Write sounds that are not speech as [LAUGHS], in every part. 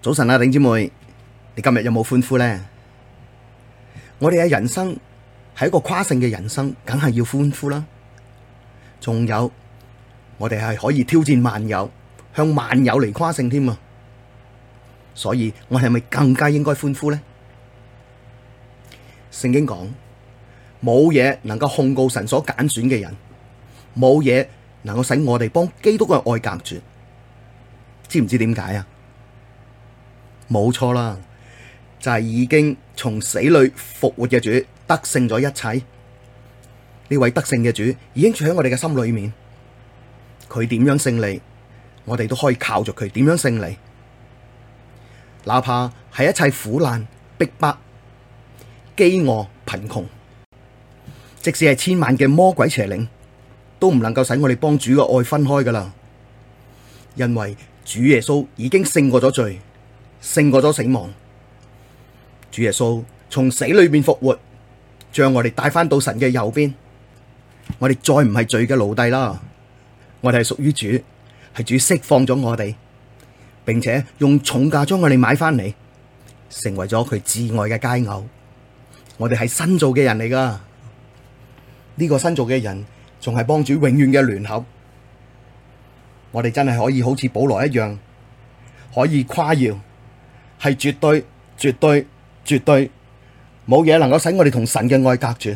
早晨啦，丁姐妹，你今日有冇歡呼呢？我哋嘅人生係一個誇勝嘅人生，梗係要歡呼啦。仲有我哋係可以挑戰萬有，向萬有嚟誇勝添啊！所以我係咪更加應該歡呼呢？聖經講冇嘢能夠控告神所揀選嘅人，冇嘢能夠使我哋幫基督嘅愛隔絕，知唔知點解啊？冇錯啦，就係、是、已經從死裏復活嘅主得勝咗一切。呢位得勝嘅主已經住喺我哋嘅心裏面，佢點樣勝利，我哋都可以靠住佢點樣勝利。哪怕係一切苦難、逼迫、饑餓、貧窮，即使係千萬嘅魔鬼邪靈，都唔能夠使我哋幫主嘅愛分開噶啦，因為主耶穌已經勝過咗罪。勝過咗死亡，主耶穌從死裏邊復活，將我哋帶翻到神嘅右邊，我哋再唔係罪嘅奴隸啦，我哋係屬於主，係主釋放咗我哋，並且用重價將我哋買翻嚟，成為咗佢至愛嘅佳偶。我哋係新造嘅人嚟噶，呢、這個新造嘅人仲係幫主永遠嘅聯合。我哋真係可以好似保羅一樣，可以誇耀。係絕對、絕對、絕對冇嘢能夠使我哋同神嘅愛隔住，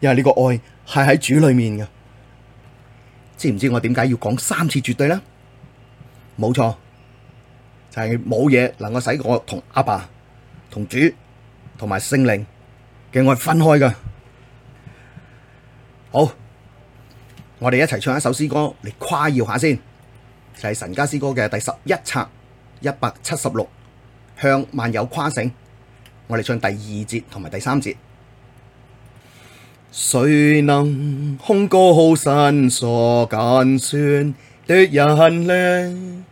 因為呢個愛係喺主裏面嘅。知唔知我點解要講三次絕對呢？冇錯，就係冇嘢能夠使我同阿爸、同主、同埋聖靈嘅愛分開㗎。好，我哋一齊唱一首詩歌嚟誇耀下先，就係神家詩歌嘅第十一冊。一百七十六，6，向萬有誇勝。我哋唱第二節同埋第三節。誰能控告好神所算的山所揀選，的人呢，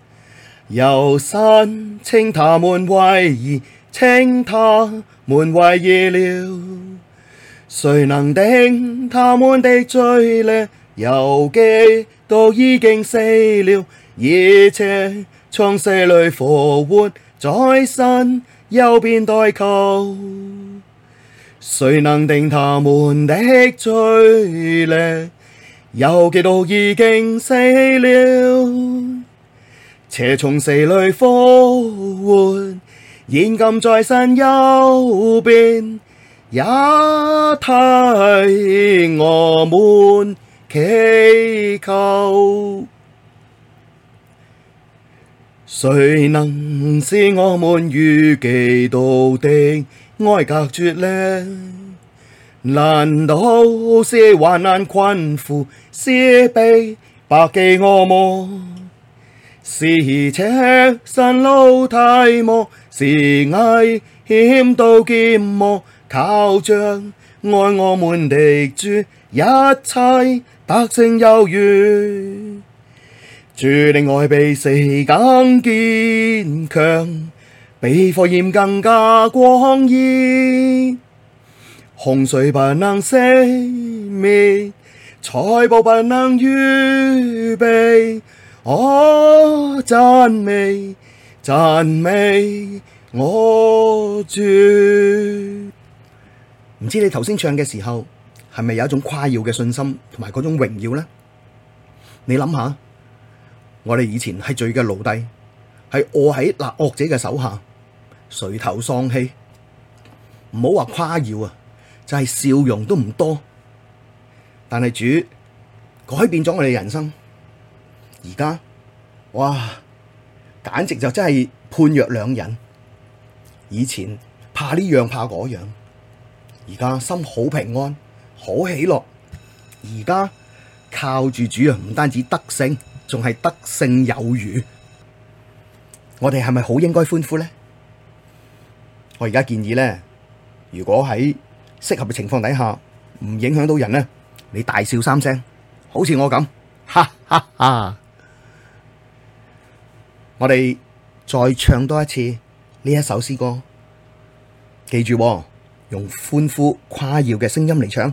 有神稱他們為義，稱他們為義了。誰能定他們的罪呢？有基督已經死了，而且。從死裡復活在神右邊代求，誰能定他們的罪呢？有基督已經死了，且從死裡復活，現今在神右邊，也替我們祈求。誰能使我們與基督的愛隔絕呢？難道是患難困苦，是逼迫饑餓麼，是赤身露體，麼是危險刀劍麼，靠着愛我們的主，一切得勝有餘。主令愛比死更堅強，比火焰更加光熱，洪水不能熄滅，財寶不能與比，我、啊、讚美讚美我主。唔知你頭先唱嘅時候，係咪有一種誇耀嘅信心，同埋嗰種榮耀咧？你諗下。我哋以前係罪嘅奴隸，係餓喺那惡者嘅手下，垂頭喪氣。唔好話誇耀啊，就係笑容都唔多。但係主改變咗我哋人生，而家哇，簡直就真係判若兩人。以前怕呢樣怕嗰樣，而家心好平安，好喜樂。而家靠住主啊，唔單止得勝。仲係得勝有餘，我哋係咪好應該歡呼呢？我而家建議呢，如果喺適合嘅情況底下，唔影響到人呢，你大笑三聲，好似我咁，哈哈哈哈！ [LAUGHS] 我哋再唱多一次呢一首詩歌，記住哦，用歡呼誇耀嘅聲音嚟唱。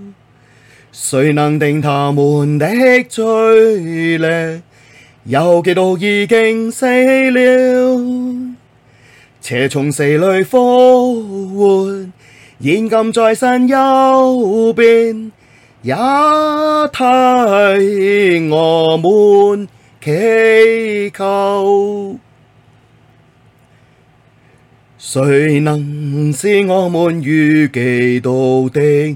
誰能定他們的罪呢？有基督已經死了，且從死裏復活，現今在神右邊，也替我們祈求，誰能使我們與基督的？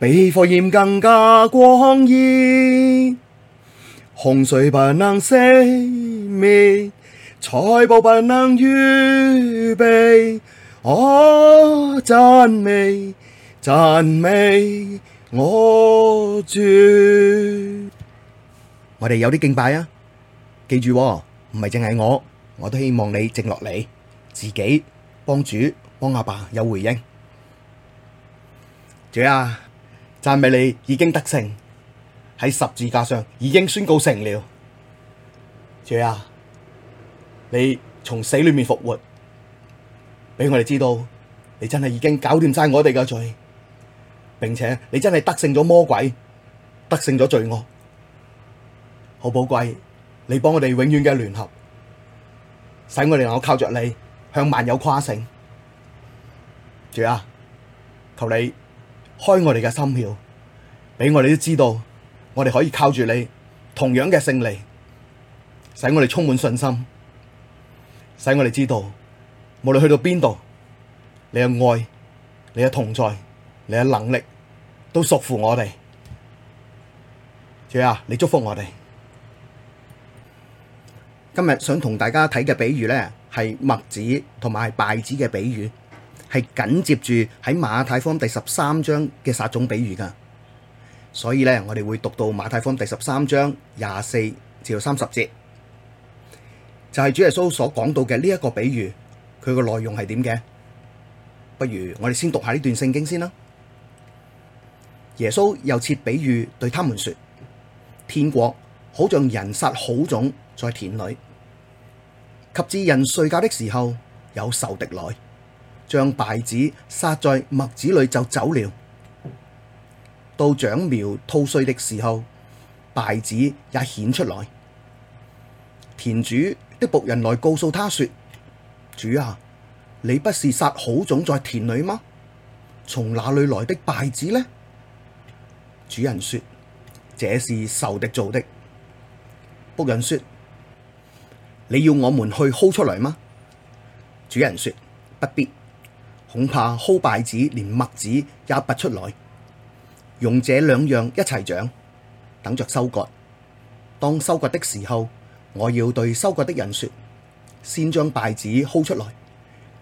比火焰更加光熱，洪水不能熄滅，財寶不能預備，我讚美讚美我主。我哋有啲敬拜啊，記住喎，唔係淨係我，我都希望你靜落嚟，自己幫主幫阿爸，爸有回應，主啊！讚美你已經得勝喺十字架上，已經宣告成了。主啊，你從死裡面復活，俾我哋知道你真係已經搞掂晒我哋嘅罪，並且你真係得勝咗魔鬼，得勝咗罪惡，好寶貴。你幫我哋永遠嘅聯合，使我哋能夠靠着你向萬有誇勝。主啊，求你。開我哋嘅心竅，俾我哋都知道，我哋可以靠住你，同樣嘅勝利，使我哋充滿信心，使我哋知道，無論去到邊度，你嘅愛、你嘅同在、你嘅能力，都屬乎我哋。主啊，你祝福我哋。今日想同大家睇嘅比喻咧，係麥子同埋係稗子嘅比喻。係緊接住喺馬太福音第十三章嘅撒種比喻噶所以呢，我哋會讀到馬太福音第十三章廿四至到三十節，就係主耶穌所講到嘅呢一個比喻，佢個內容係點嘅？不如我哋先讀下呢段聖經先啦。耶穌又設比喻對他們說：天國好像人撒好種在田裡，及至人睡覺的時候，有仇敵來。將稗子撒在麥子裏就走了。到長苗吐穗的時候，稗子也顯出來。田主的僕人來告訴他說：主啊，你不是撒好種在田裏嗎？從哪裏來的稗子呢？主人說：這是仇敵做的。僕人說：你要我們去薅出來嗎？主人說：不必。恐怕薅稗子，連麥子也拔出來，容這兩樣一齊長，等着收割。當收割的時候，我要對收割的人說：先將稗子薅出來，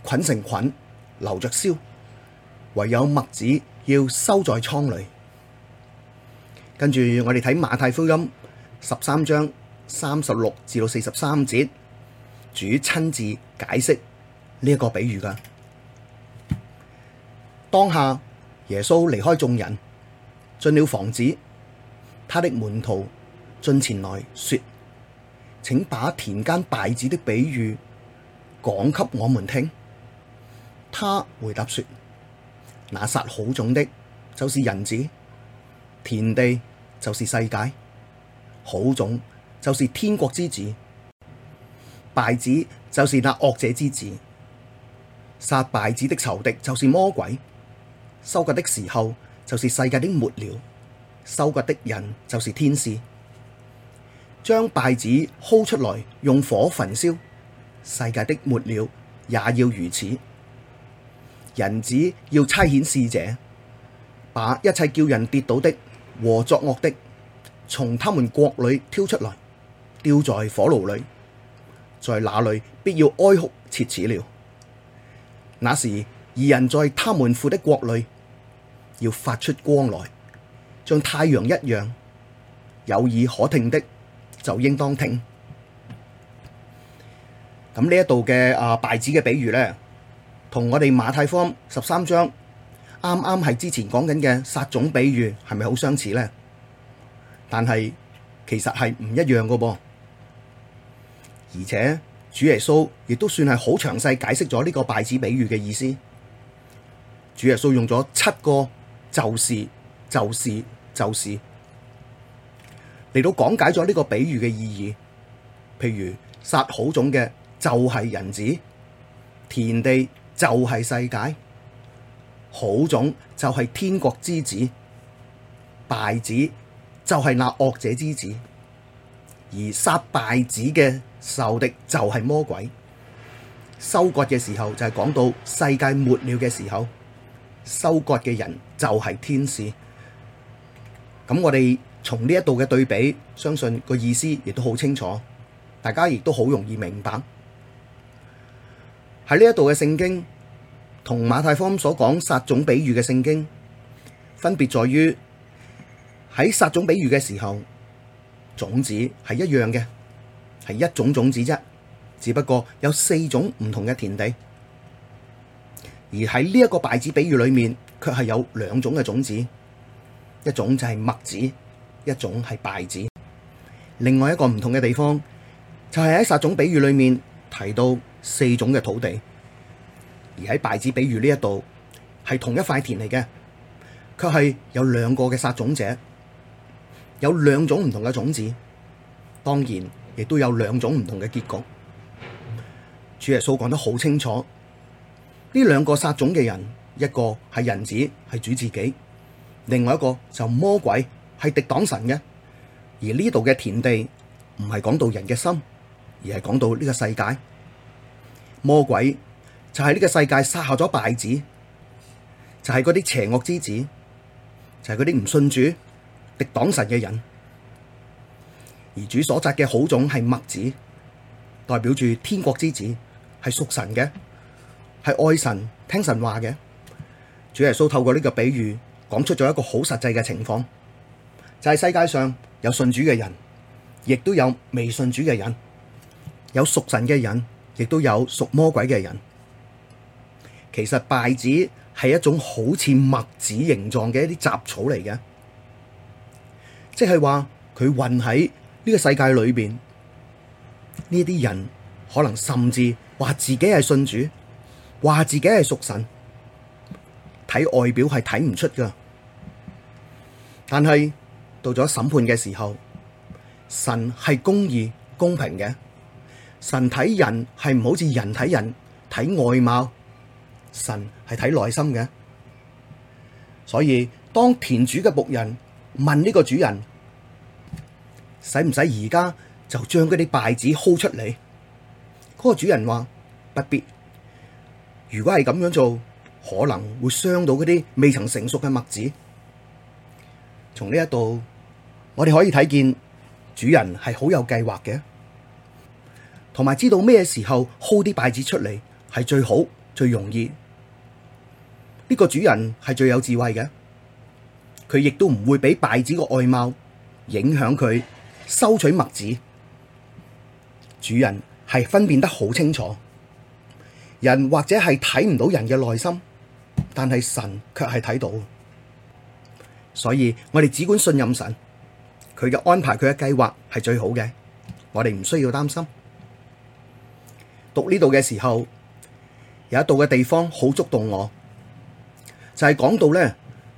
捆成捆，留着燒；唯有麥子要收在倉裡。跟住我哋睇馬太福音十三章三十六至到四十三節，主親自解釋呢一個比喻噶。當下耶穌離開眾人，進了房子，他的門徒進前來說：請把田間稗子的比喻講給我們聽。他回答說：那撒好種的，就是人子；田地就是世界；好種就是天國之子，稗子就是那惡者之子；撒稗子的仇敵就是魔鬼。收割的時候，就是世界的末了。收割的人就是天使，將稗子薅出來，用火焚燒。世界的末了也要如此。人子要差遣使者，把一切叫人跌倒的和作惡的，從他們國裡挑出來，丟在火爐裡。在那裡必要哀哭切齒了。那時，義人在他們父的國裡，要發出光來，像太陽一樣，有耳可聽的就應當聽。咁呢一度嘅啊稗子嘅比喻呢，同我哋馬太福音十三章啱啱係之前講緊嘅撒種比喻係咪好相似呢？但係其實係唔一樣噶噃，而且主耶穌亦都算係好詳細解釋咗呢個稗子比喻嘅意思。主耶穌用咗七個。就是就是就是嚟到，講解咗呢個比喻嘅意義，譬如撒好種嘅就係人子，田地就係世界，好種就係天國之子，稗子就係那惡者之子，而撒稗子嘅仇敵就係魔鬼。收割嘅時候就係講到世界末了嘅時候。收割嘅人就係天使，咁我哋從呢一度嘅對比，相信個意思亦都好清楚，大家亦都好容易明白。喺呢一度嘅聖經，同馬太福音所講撒種比喻嘅聖經，分別在於喺撒種比喻嘅時候，種子係一樣嘅，係一種種子啫，只不過有四種唔同嘅田地。而喺呢一個稗子比喻裏面，卻係有兩種嘅種子，一種就係麥子，一種係稗子。另外一個唔同嘅地方，就係喺撒種比喻裏面提到四種嘅土地，而喺稗子比喻呢一度係同一塊田嚟嘅，卻係有兩個嘅撒種者，有兩種唔同嘅種子，當然亦都有兩種唔同嘅結局。主耶穌講得好清楚。呢兩個撒種嘅人，一個係人子，係主自己；另外一個就魔鬼，係敵擋神嘅。而呢度嘅田地唔係講到人嘅心，而係講到呢個世界。魔鬼就係呢個世界撒下咗稗子，就係嗰啲邪惡之子，就係嗰啲唔信主、敵擋神嘅人。而主所摘嘅好種係麥子，代表住天國之子，係屬神嘅。係愛神聽神話嘅。主耶穌透過呢個比喻講出咗一個好實際嘅情況，就係世界上有信主嘅人，亦都有未信主嘅人，有屬神嘅人，亦都有屬魔鬼嘅人。其實稗子係一種好似麥子形狀嘅一啲雜草嚟嘅，即係話佢混喺呢個世界裏邊，呢啲人可能甚至話自己係信主。話自己係屬神，睇外表係睇唔出噶。但係到咗審判嘅時候，神係公義、公平嘅。神睇人係唔好似人睇人睇外貌，神係睇內心嘅。所以當田主嘅僕人問呢個主人，使唔使而家就將嗰啲稗子薅出嚟？嗰、嗰個主人話不必。如果係咁樣做，可能會傷到嗰啲未曾成熟嘅麥子。從呢一度，我哋可以睇見主人係好有計劃嘅，同埋知道咩時候薅啲稗子出嚟係最好、最容易。呢、這個主人係最有智慧嘅，佢亦都唔會俾稗子個外貌影響佢收取麥子。主人係分辨得好清楚。人或者係睇唔到人嘅內心，但係神卻係睇到，所以我哋只管信任神，佢嘅安排佢嘅計劃係最好嘅，我哋唔需要擔心。讀呢度嘅時候，有一度嘅地方好觸動我，就係講到呢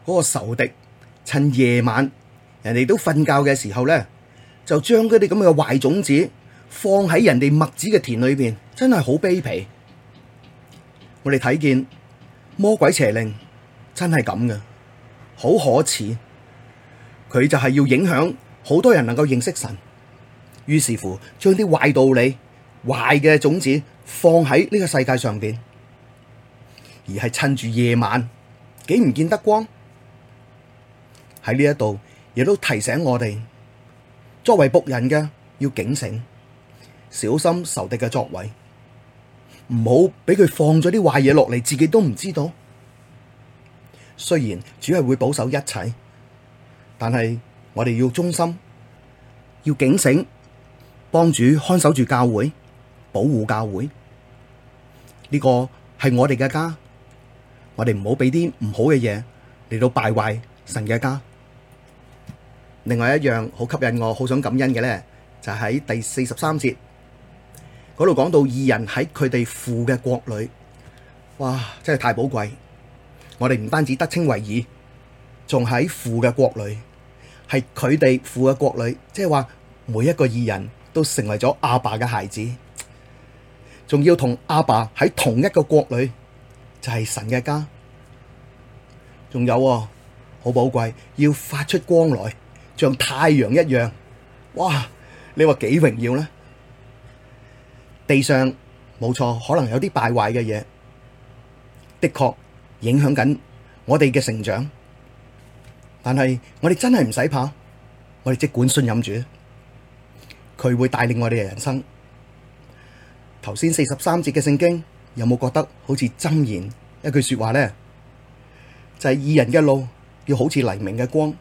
嗰個仇敵趁夜晚人哋都瞓覺嘅時候呢，就將嗰啲咁嘅壞種子放喺人哋麥子嘅田裏邊，真係好卑鄙。我哋睇見魔鬼邪靈，真係咁嘅，好可恥。佢就係要影響好多人能夠認識神，於是乎將啲壞道理、壞嘅種子放喺呢個世界上邊，而係趁住夜晚幾唔見得光，喺呢一度亦都提醒我哋，作為僕人嘅要警醒，小心仇敵嘅作為。唔好俾佢放咗啲壞嘢落嚟，自己都唔知道。雖然主係會保守一切，但係我哋要忠心，要警醒，幫主看守住教會，保護教會。呢個係我哋嘅家，我哋唔好俾啲唔好嘅嘢嚟到敗壞神嘅家。另外一樣好吸引我、好想感恩嘅咧，就係喺第四十三節。嗰度講到義人喺佢哋父嘅國裏，哇，真係太寶貴！我哋唔單止得稱為義，仲喺父嘅國裏，係佢哋父嘅國裏，即係話每一個義人都成為咗阿爸嘅孩子，仲要同阿爸喺同一個國裏，就係、是、神嘅家。仲有啊，好寶貴，要發出光來，像太陽一樣，哇！你話幾榮耀呢？地上冇錯，可能有啲敗壞嘅嘢，的確影響緊我哋嘅成長。但係我哋真係唔使怕，我哋即管信任主，佢會帶領我哋嘅人生。頭先四十三節嘅聖經有冇覺得好似箴言一句說話呢？就係、是、義人一路要好似黎明嘅光，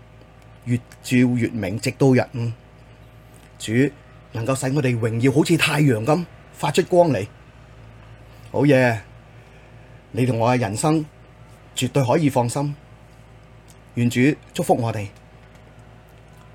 越照越明，直到日午。主能夠使我哋榮耀好，好似太陽咁。發出光嚟，好嘢！你同我嘅人生絕對可以放心。願主祝福我哋。